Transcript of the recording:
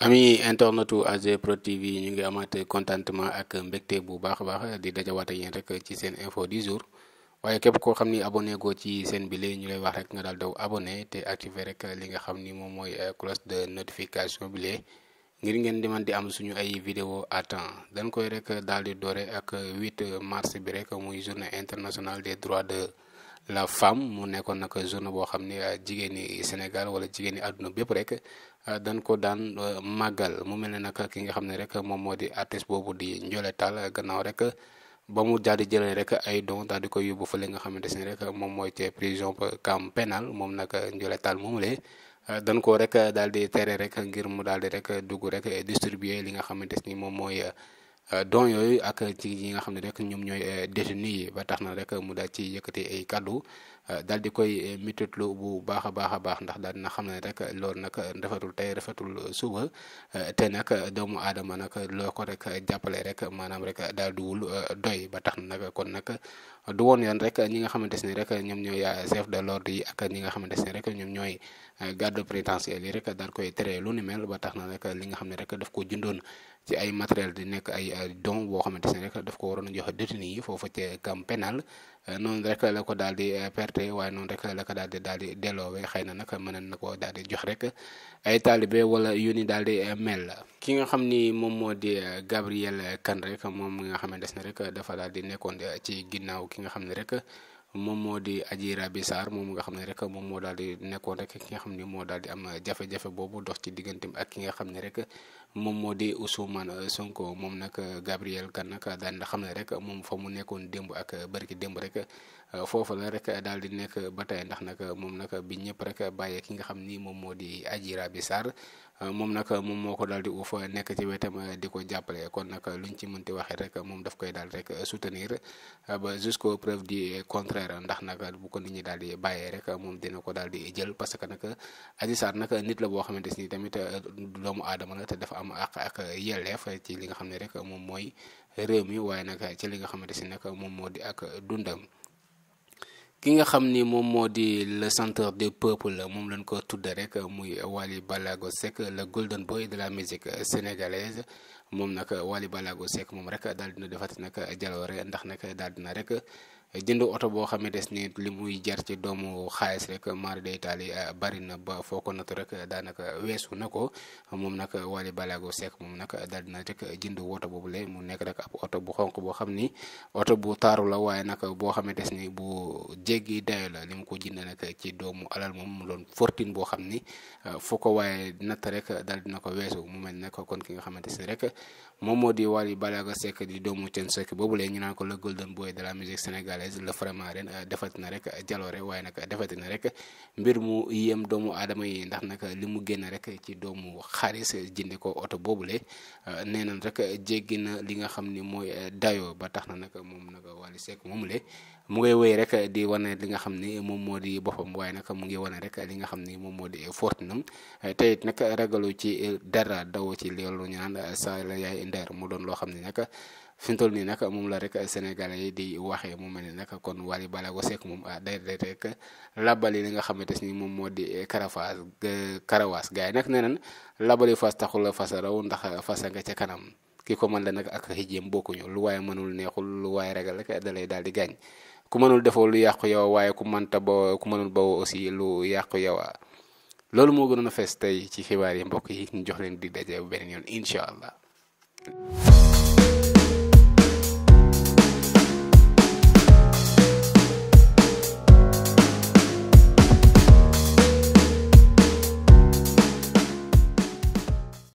ami internetu AG Pro TV ñu ngi amaat contentement ak mbégte bu baax a baax di dajawaate yéen rek ci seen info du jour waaye képp koo xam ni abonné goo ci seen bi ñu lay wax rek nga daal daw abonné te activé rek li nga xam ni moom mooy eh, close de notification bile ngir ngeen di man di am suñu ay vidéo à temps dañ koy rek daal di doore ak 8 mars bi rek muy journée internationale des droits de la femme mu nekkoon nag journée boo xam ne euh, jigéen ñi Sénégal wala jigéeni àdduna bépp rek euh, dañ ko daan euh, màggal mu mel ne nag ki nga xam ne rek moom moo di artiste boobu di Ndiolé Tall gannaaw rek ba mu daal di jëlee rek ay don daal di koy yóbbu fa li nga xamante ne rek moom mooy ci prison camp pénal moom nag Ndiolé Tall moomu lee dañ ko rek daal di tere rek ngir mu daal di rek dugg rek distribuer li nga xamante nii moom mooy. Euh, don yooyu ak ci yi nga xam ne rek ñoom ñooy euh, détenu yi ba tax na rek mu daal ci yëkkati ay kàddu euh, dal di koy métitlu bu baax a baax a baax ndax daal dina xam ne rek loolu nag rafetul tey rafetul suba te nag doomu aadama nag loo ko rek jàppale rek maanaam rek daal duwul doy ba tax na kon nag du woon yoon rek ñi nga xamante ni rek ñoom ñooy chef de l'ordre yi ak ñi nga xamante ni rek ñoom ñooy garde pénitentiaire yi rek daal koy tere lu ni mel ba tax na rek li nga xam ne rek daf ko jëndoon ci ay matériel di nekk ay don boo xamante ni rek daf ko waroon a joxe détenu yi foofu ca camp pénal euh, noonu rek la ko daal di euh, perte waaye noonu rek la ko daal di daal di delloowee xëy na nag mën na ko dal di jox rek ay taalibe wala yu ni daal di euh, mel ki nga xam ni moom moo di Gabriel Kane rek moom nga xam ne des rek dafa daal di nekkoon ci ginnaaw ki nga xam ne rek. moom moo di Adji Raby Sarr moom nga xam ne rek moom moo daal di nekkoon rek ki nga xam ne moo daal di am jafe-jafe boobu dox ci digganteem ak ki nga xam ne rek moom moo di Ousmane Sonko moom nag Gabriel Kane nag daan na xam ne rek moom fa mu nekkoon démb ak bariki démb rek Euh, foofu la rek daal di nekk ba tey ndax nag moom nag bi ñëpp rek bàyyee ki nga xam ni moom moo di Adji bi Sarr euh, moom nag moom moo ko daal di uuf nekk ci wetam euh, di ko jàppale kon nag luñ ci mënti waxee rek moom daf koy daal rek soutenir ba jusqu'aux preuves du contraire ndax nag bu ko nit ñi daal di bàyyee rek moom dina ko daal di jël parce que nag Adji Sarr nag nit la boo xamante ni tamit doomu aadama la te dafa am àq ak yelleef ci li nga xam ne rek moom mooy réew mi waaye nag ci li nga xamante si nag moom moo di ak dundam. ki nga xam ni moom moo di le centre du peuple moom lañ ko tudde rek muy Wally Ballago Seck la golden boy de la musique sénégalaise moom nag Wally Ballago Seck moom rek daal dina defati nag jaloore ndax nag daal dina rek jënd oto boo des ni li muy jar ci doomu xaalis rek mari day taali euh, bari na ba foo ko natu rek daanaka weesu na ko moom nag Wally Ballago Seck moom nag daal dina rek jënd woto boobu mu nekk rek ab oto bu xonq boo xam ni oto bu taaru la waaye nag boo xamante ni bu jéggi dayo la li mu ko jënd nag doomu alal moom mu doon fortune boo xam ni euh, foo ko waaye natt rek daal dina ko weesu mu mel nag kon ki nga xamante ni rek moom moo di Wally Ballago Seck di doomu Thione Seck boobu le ñu naan ko le golden boy de musique sénégalaise sénégalaise la vraiment ren euh, defati na rek jaloore waaye nag defati na rek mbir mu yéem doomu aadama yi ndax nag li mu génn rek ci doomu xaalis jënde ko oto boobule euh, nee nañ rek jéggi na li nga xam ni mooy euh, dayoo ba tax na nag moom nag Wally moomule mu ngay rek di wane li nga xam ni moom moo di boppam waaye nag mu ngi wane rek li nga xam ni moom moo di fortunam te it nag ragalu ci dara daw ci loolu ñu naan la yaay ndeer mu doon loo xam ne nag fi mu toll nii nag moom la rek sénégalais yi di waxee mu mel ni nag kon Wally Ballago waseek moom ah, day day rek labali li nga xamante nii moom moo di karafaas karawaas gars nak nag nee nañ labali fas taxul fas raw ndax fasa nga ca kanam ki ko mën la nag ak xijéem bokkuñu lu waaye mënul neexul lu waaye ragal rek da lay daal di gaañ ku mënul defoo lu yàqu yow waaye ku mënta ba ku mënul ba aussi lu yàqu yow ah. loolu moo gënoon a fees tey ci xibaar yi mbokk yi ñu jox leen dig daje bu beneen